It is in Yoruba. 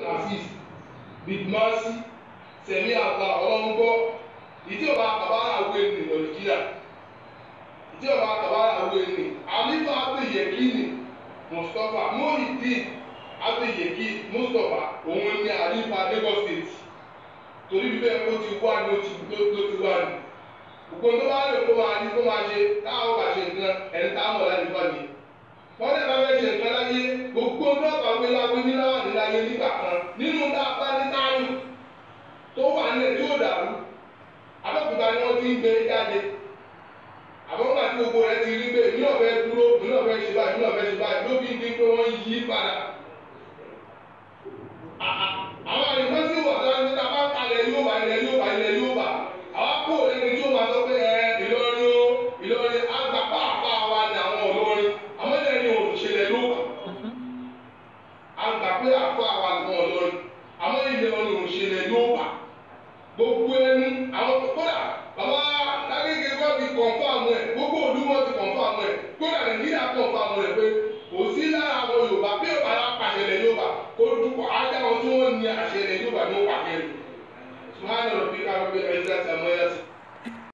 francis big mercy sẹ̀mí àgbà ọlọ́run gbọ́ ìjọba àkàbára àwọn ènìyàn nàìjíríà ìjọba àkàbára àwọn ènìyàn àlífà abiyekini mustapha mohideen abiyeki mustapha òun ni àlífà lagos state torí bíbẹ́ ó ti wá ní ó ti wá ní gbogbo tó bá lè kó máa ní kó máa ṣe táwọn bá ṣe nǹkan ẹni táwọn ọ̀la nípa mi wọ́n lè máa fẹ́ ṣe nǹkan láyé gbogbo tó bá wé láwé ní ayé nígbà kan nínú tá ní táyù tó wà nílẹ̀ yóò dàrú abẹ́kúta ni wọ́n ti ń gbé jáde àmọ́ nígbà tí gbogbo rẹ̀ ti rí pé mi náà fẹ́ dúró mi náà fẹ́ ṣe báyìí mi náà fẹ́ ṣe báyìí ló fi di pé wọ́n yí padà àwọn àyùkọ́ sí wà láti ní tàbá kalẹ̀ yóò bá ilẹ̀ yóò bá ilẹ̀ yóò bá àwọn akó rẹ̀ ni tí ó máa sọ pé ẹ Ìlọrin o Ìlọrin. àgbà pé àfọ àwọn àgbà ọlọ́run àwọn ilẹ̀ ọlọ́run ṣe lè gbogbo ẹnu àwọn kódà bàbá ti gbogbo ti àmọ́ ẹ̀ kódà nàìjíríà àmọ́ ẹ̀ pé kò sí lára àwọn yorùbá la pàṣẹ lẹ̀ yorùbá kó dúpọ̀ ájá wọn tí wọ́n ní àṣẹ ní